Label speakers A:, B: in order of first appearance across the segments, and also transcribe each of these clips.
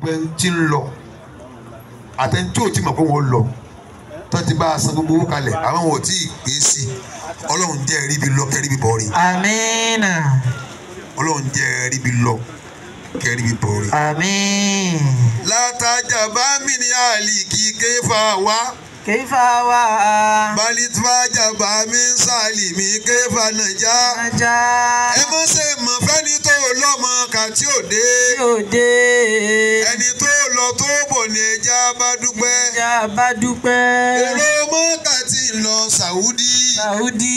A: gbogbo ẹni ń lọ àtẹni tí ò tí mọ̀ pé wọ́n lọ tó ti bá a san gbogbo owó kalẹ̀ àwọn ò tí ì pè é sí ọlọ́run jẹ́ ẹ̀rí bi lọ kẹ́rí bi bọ̀ rí. amiina. ọlọ́run jẹ́ ẹ̀rí bi lọ kẹ́rí bi bọ̀ rí. amiin. látàjà bá mi ní àlìkí kéfà wá kaifa balitwa jaba fajaba min salimi kaifa naja naja ẹ mọ ṣe mọ fẹ́ni tó lọ́mọ kà tí ò dé tí ò dé ẹni tó lọ tó bọ̀ ní ẹja bá dúpẹ́ ẹja bá dúpẹ́ èrò mọ́kà tí lọ sàwúdí sàwúdí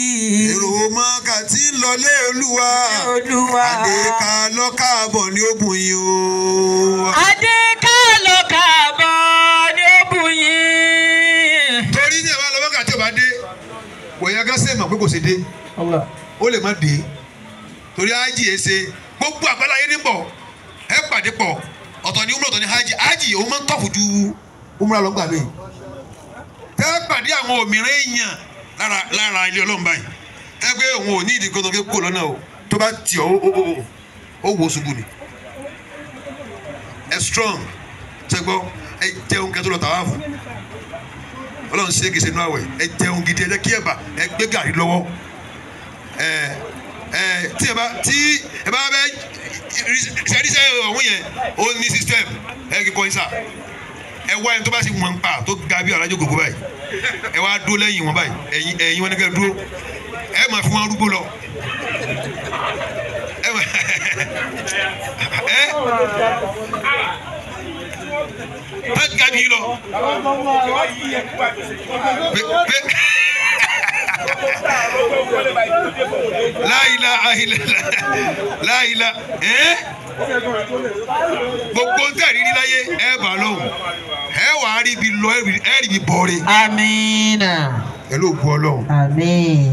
A: èrò mọ́kà tí lọ lé olúwa olúwa àdéka lọ́kàbọ̀ ní ogun yìí o. kò yẹ ká sèmọ̀ pé kò ṣe dé ó lè má dé torí ájì yẹn ṣe gbogbo àgbàlá yẹn ní bọ̀ ẹ pàdé pọ̀ ọ̀tọ̀ ni umrah ọ̀tọ̀ ni hajj hajj òun máa ń tọ̀fù ju umrah lọ́gbà mi tẹ́ pàdé àwọn òmìnira èèyàn lára lára ilé ọlọ́run báyìí ẹ pé òun ò ní ìdí gbọdọ̀ kó lọ́nà o tó bá tì ọ́ ó wò ó ṣubú ni ẹ strong ṣẹgbọ́ ẹ jẹun kẹtọ́ lọ tàwa fún ọlọ́run ṣe é gèsè nínú àwẹ̀ ẹ jẹun gidi ẹ jẹ́ kí ẹ bà ẹ gbé gàrí lọ́wọ́ ẹ ẹ tí ẹ bá tí ẹ bá bẹ ṣẹríṣẹ ọ̀hún yẹn ó ní system ẹ kí kọ́ ìṣà ẹ wá ẹni tó bá sì wọ́n ń pa tó ga bí alájọ gògó báyìí ẹ wá dúró lẹ́yìn wọn báyìí ẹ̀yìn ẹ̀yìn wọn ni kẹ́ dúró ẹ máa fún wọn arúgbó lọ ẹ ẹ. Eh? a ka di lọ. láyìlá àyìlá láyìlá ẹ́ gbogbo ń tẹ̀rí ní láyé ẹ bà lóhùn ẹ wà á rí ibi lọ ẹ rí ibi bọ̀ re. amiina. pẹ̀lú ògùn ọlọ́run. amiin.